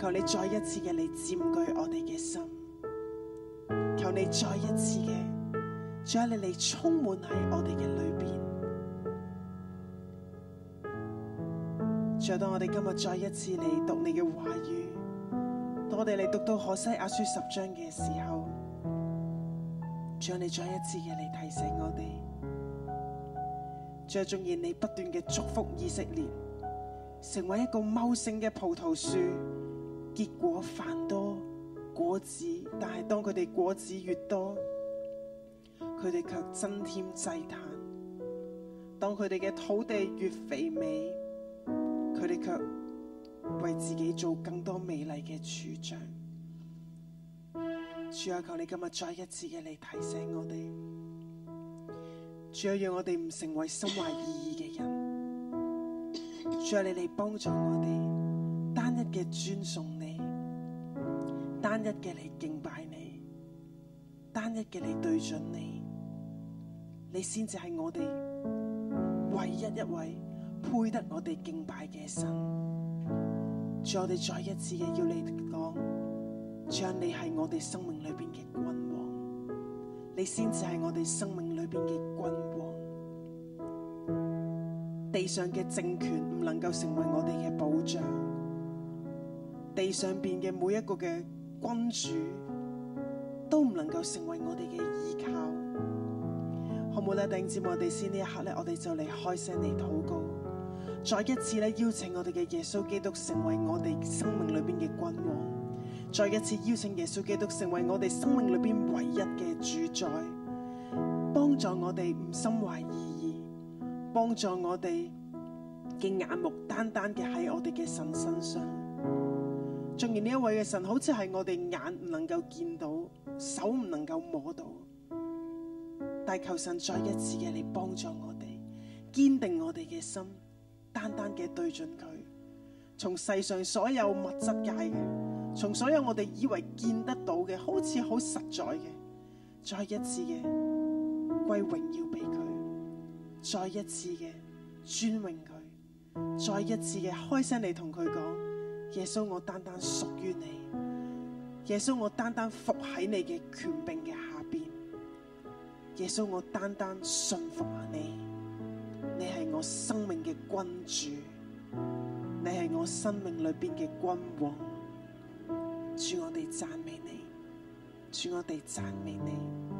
求你再一次嘅嚟佔據我哋嘅心，求你再一次嘅，將你嚟充滿喺我哋嘅裏邊。在當我哋今日再一次嚟讀你嘅話語，當我哋嚟讀到何西阿書十章嘅時候，將你再一次嘅嚟提醒我哋。最重要，你不斷嘅祝福以色列，成為一個茂盛嘅葡萄樹。結果繁多果子，但係當佢哋果子越多，佢哋卻增添祭壇；當佢哋嘅土地越肥美，佢哋卻為自己做更多美麗嘅柱像。主啊，求你今日再一次嘅嚟提醒我哋，主啊，讓我哋唔成為心懷異意嘅人，主啊，你嚟幫助我哋，單一嘅尊崇。單一嘅嚟敬拜你，單一嘅嚟對準你，你先至係我哋唯一一位配得我哋敬拜嘅神。我哋再一次嘅要你講，將你係我哋生命裏邊嘅君王，你先至係我哋生命裏邊嘅君王。地上嘅政權唔能夠成為我哋嘅保障，地上邊嘅每一個嘅。君主都唔能夠成為我哋嘅依靠，好冇咧？帶領住我哋先呢一刻咧，我哋就嚟開聲嚟禱告。再一次咧，邀請我哋嘅耶穌基督成為我哋生命裏邊嘅君王。再一次邀請耶穌基督成為我哋生命裏邊唯一嘅主宰，幫助我哋唔心懷二意，幫助我哋嘅眼目單單嘅喺我哋嘅神身上。縱然呢一位嘅神好似係我哋眼唔能夠見到，手唔能夠摸到，但求神再一次嘅嚟幫助我哋，堅定我哋嘅心，單單嘅對準佢，從世上所有物質界嘅，從所有我哋以為見得到嘅，好似好實在嘅，再一次嘅歸榮耀俾佢，再一次嘅尊榮佢，再一次嘅開聲嚟同佢講。耶穌，我單單屬於你；耶穌，我單單伏喺你嘅權柄嘅下邊；耶穌，我單單信服你。你係我生命嘅君主，你係我生命裏邊嘅君王。主，我哋讚美你，主，我哋讚美你。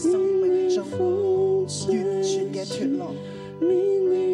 生命中完全嘅脫落。明明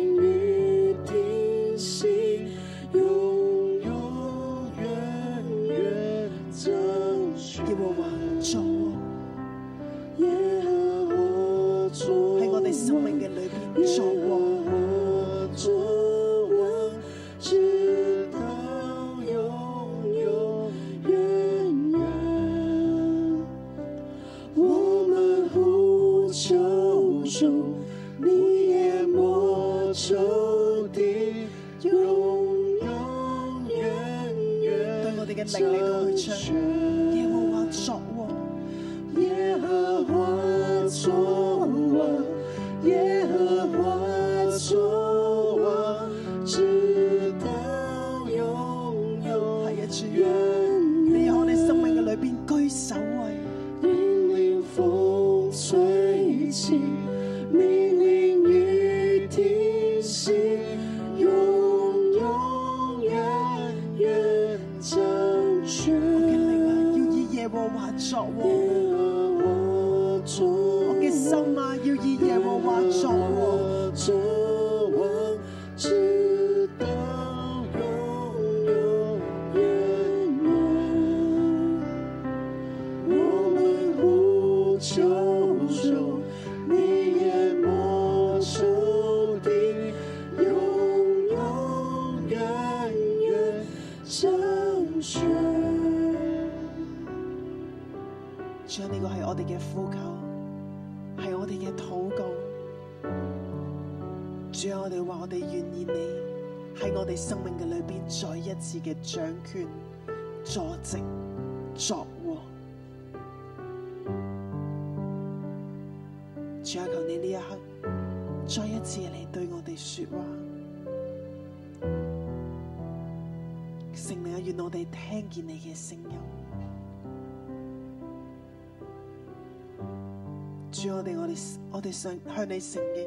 我哋嘅禱告，主啊，我哋話我哋願意你喺我哋生命嘅裏邊再一次嘅掌權、坐席、作王。主啊，求你呢一刻再一次嚟對我哋說話，聖靈啊，願我哋聽見你嘅聲音。主我，我哋我哋我哋想向你承認，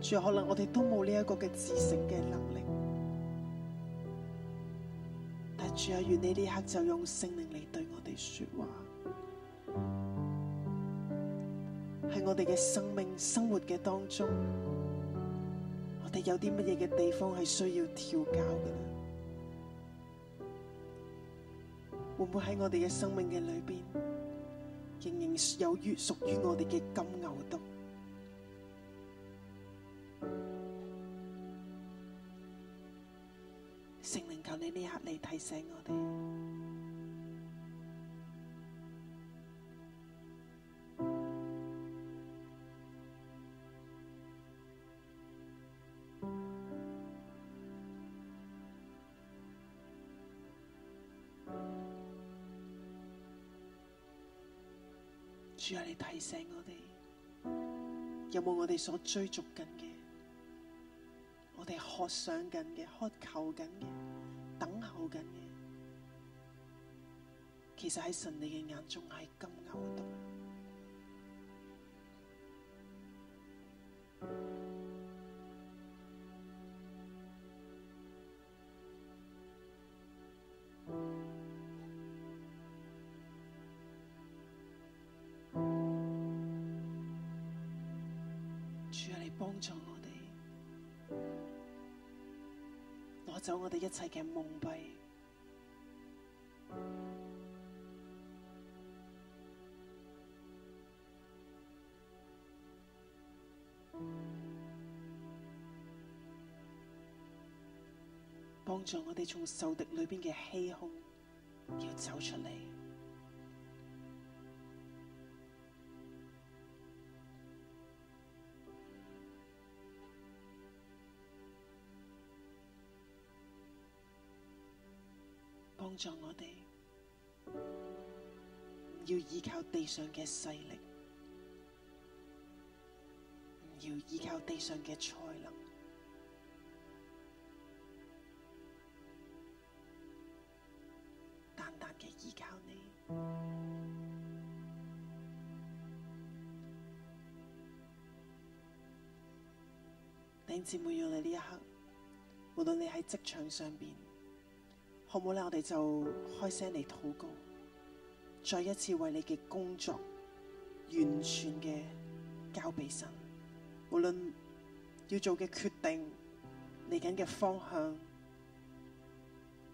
仲有可能我哋都冇呢一個嘅自省嘅能力，但主啊，願你呢刻就用聖靈嚟，對我哋說話，喺我哋嘅生命生活嘅當中，我哋有啲乜嘢嘅地方係需要調教嘅咧？會唔會喺我哋嘅生命嘅裏邊？有越屬於我哋嘅金牛犢，聖靈，求你你入嚟提醒我哋。嚟提醒我哋，有冇我哋所追逐緊嘅，我哋渴想緊嘅、渴求緊嘅、等候緊嘅，其實喺神你嘅眼中係金牛。幫助我哋攞走我哋一切嘅蒙蔽，幫助我哋從仇敵裏邊嘅欺哄要走出嚟。我哋唔要依靠地上嘅勢力，唔要依靠地上嘅才能，單單嘅依靠你。弟兄姊妹，用你呢一刻，無論你喺職場上邊，好唔好咧？我哋就開聲嚟禱告，再一次為你嘅工作完全嘅交俾神。無論要做嘅決定，嚟緊嘅方向，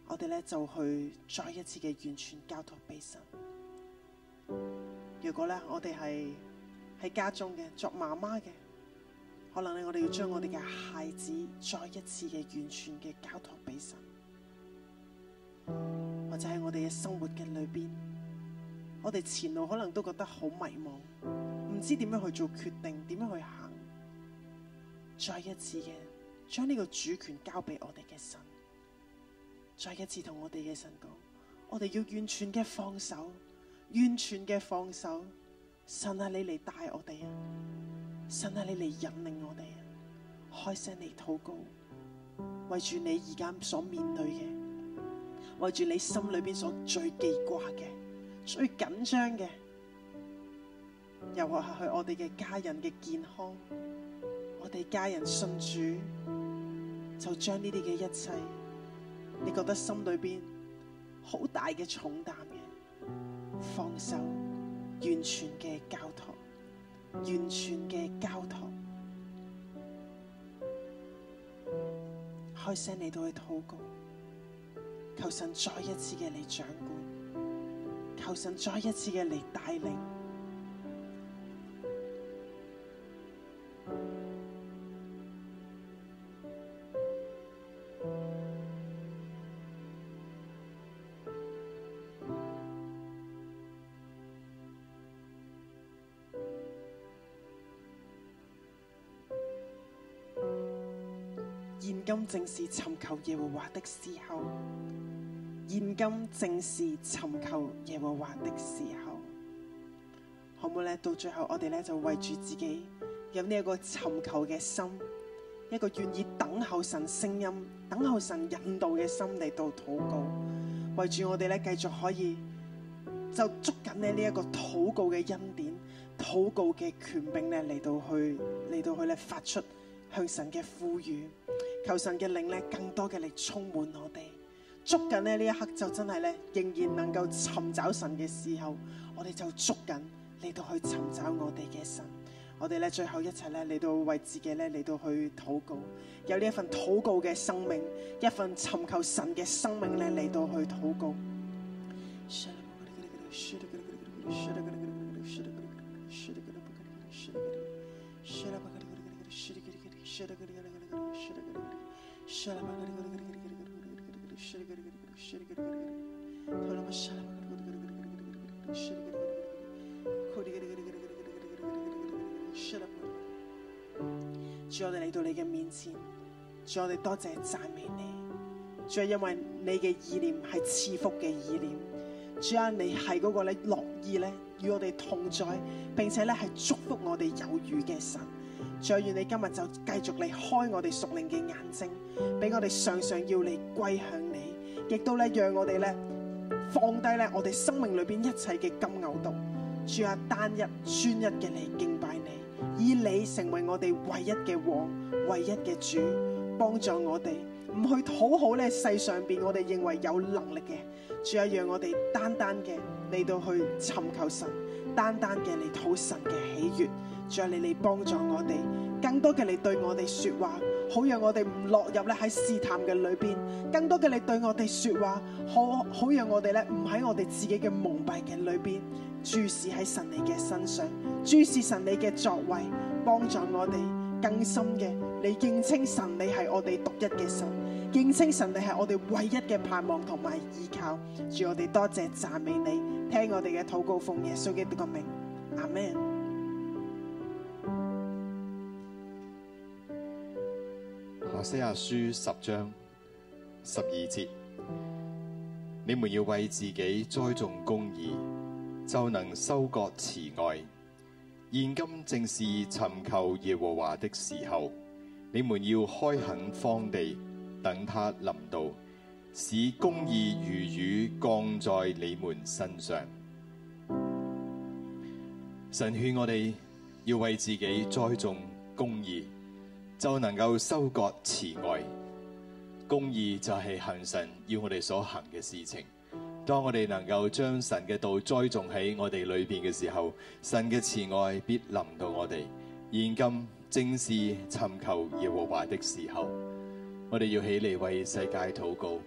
我哋咧就去再一次嘅完全交託俾神。如果咧我哋係喺家中嘅作媽媽嘅，可能咧我哋要將我哋嘅孩子再一次嘅完全嘅交託俾神。或者喺我哋嘅生活嘅裏邊，我哋前路可能都覺得好迷茫，唔知點樣去做決定，點樣去行。再一次嘅將呢個主權交俾我哋嘅神，再一次同我哋嘅神講，我哋要完全嘅放手，完全嘅放手。神啊，你嚟帶我哋啊，神啊，你嚟引領我哋啊，開聲嚟禱告，為住你而家所面對嘅。為住你心裏邊所最記掛嘅，最緊張嘅，又或係去我哋嘅家人嘅健康，我哋家人信主，就將呢啲嘅一切，你覺得心裏邊好大嘅重擔嘅，放手完全嘅交託，完全嘅交託，開聲你都會禱告。求神再一次嘅嚟掌管，求神再一次嘅嚟帶領。現今正是尋求耶和華的時候。現今正是尋求耶和華的時候，可唔可以咧到最後我哋咧就為住自己有呢一個尋求嘅心，一個願意等候神聲音、等候神引導嘅心嚟到禱告，為住我哋咧繼續可以就捉緊咧呢一個禱告嘅恩典、禱告嘅權柄咧嚟到去嚟到去咧發出向神嘅呼籲，求神嘅靈咧更多嘅力充滿我哋。捉緊咧，呢一刻就真係咧，仍然能夠尋找神嘅時候，我哋就捉緊嚟到去尋找我哋嘅神。我哋咧最後一齊咧，嚟到為自己咧嚟到去禱告，有呢一份禱告嘅生命，一份尋求神嘅生命咧嚟到去禱告。 主，我哋嚟到你嘅面前，主，我哋多謝讚美你。主，係因為你嘅意念係賜福嘅意念，主啊，你係嗰個你樂意咧與我哋同在，並且咧係祝福我哋有餘嘅神。再願你今日就繼續嚟開我哋屬靈嘅眼睛，俾我哋常常要你歸向你，亦都咧讓我哋咧放低咧我哋生命裏邊一切嘅金牛犢，單一專一嘅你敬拜你，以你成為我哋唯一嘅王、唯一嘅主，幫助我哋唔去討好咧世上邊我哋認為有能力嘅，下讓我哋單單嘅嚟到去尋求神。單單嘅你討神嘅喜悅，將你嚟幫助我哋，更多嘅你對我哋說話，好讓我哋唔落入咧喺試探嘅裏邊，更多嘅你對我哋說話，好好讓我哋咧唔喺我哋自己嘅蒙蔽嘅裏邊，注視喺神你嘅身上，注視神你嘅作為，幫助我哋更深嘅你認清神你係我哋獨一嘅神。敬清神你係我哋唯一嘅盼望同埋依靠，主我哋多謝讚美你，聽我哋嘅禱告奉耶穌嘅個名，阿門。何西阿書十章十二節，你們要為自己栽種公義，就能收割慈愛。現今正是尋求耶和華的時候，你們要開墾荒地。等他臨到，使公義如雨降在你們身上。神勸我哋要為自己栽種公義，就能夠收割慈愛。公義就係行神要我哋所行嘅事情。當我哋能夠將神嘅道栽種喺我哋裏邊嘅時候，神嘅慈愛必臨到我哋。現今正是尋求耶和華的時候。我哋要起嚟為世界禱告，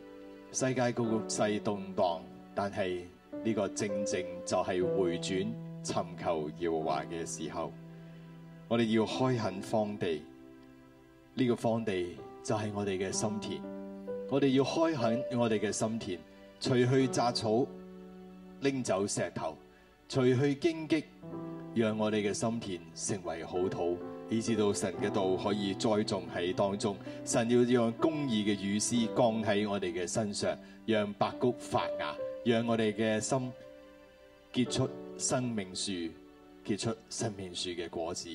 世界局勢動盪，但係呢個正正就係回轉尋求耶和華嘅時候。我哋要開墾荒地，呢個荒地就係我哋嘅心田。我哋要開墾我哋嘅心田，除去雜草，拎走石頭，除去荊棘，讓我哋嘅心田成為好土。以至到神嘅道可以栽種喺當中，神要用公義嘅雨絲降喺我哋嘅身上，讓白菊發芽，讓我哋嘅心結出生命樹，結出生命樹嘅果子。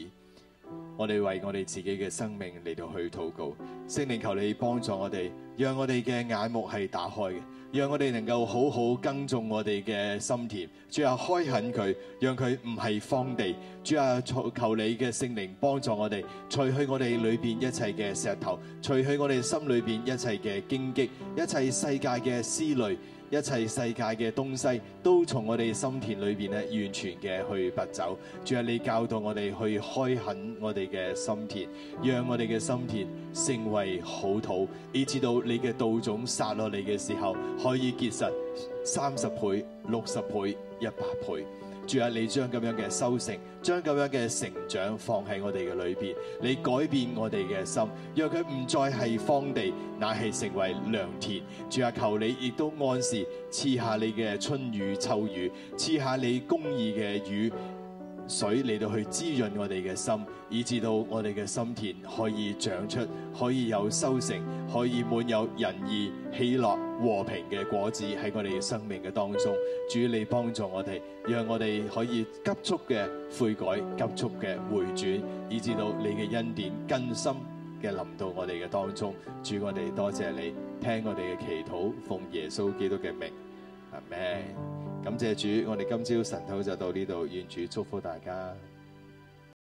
我哋為我哋自己嘅生命嚟到去禱告，聖靈求你幫助我哋，讓我哋嘅眼目係打開嘅。讓我哋能夠好好耕種我哋嘅心田，主啊，開墾佢，讓佢唔係荒地。主啊，求求你嘅聖靈幫助我哋，除去我哋裏邊一切嘅石頭，除去我哋心裏邊一切嘅荊棘，一切世界嘅思慮。一切世界嘅東西都從我哋心田裏面咧完全嘅去拔走，主啊，你教導我哋去開墾我哋嘅心田，讓我哋嘅心田成為好土，以至到你嘅道種撒落嚟嘅時候，可以結實三十倍、六十倍、一百倍。主啊，你將咁樣嘅收成，將咁樣嘅成長放喺我哋嘅裏邊，你改變我哋嘅心，若佢唔再係荒地，乃係成為良田。主啊，求你亦都按時賜下你嘅春雨秋雨，賜下你公義嘅雨。水嚟到去滋潤我哋嘅心，以致到我哋嘅心田可以長出，可以有收成，可以滿有仁義、喜樂、和平嘅果子喺我哋嘅生命嘅當中。主你幫助我哋，讓我哋可以急速嘅悔改、急速嘅回轉，以致到你嘅恩典更深嘅臨到我哋嘅當中。主我哋多謝你，聽我哋嘅祈禱，奉耶穌基督嘅名，阿門。感謝主，我哋今朝晨禱就到呢度，願主祝福大家。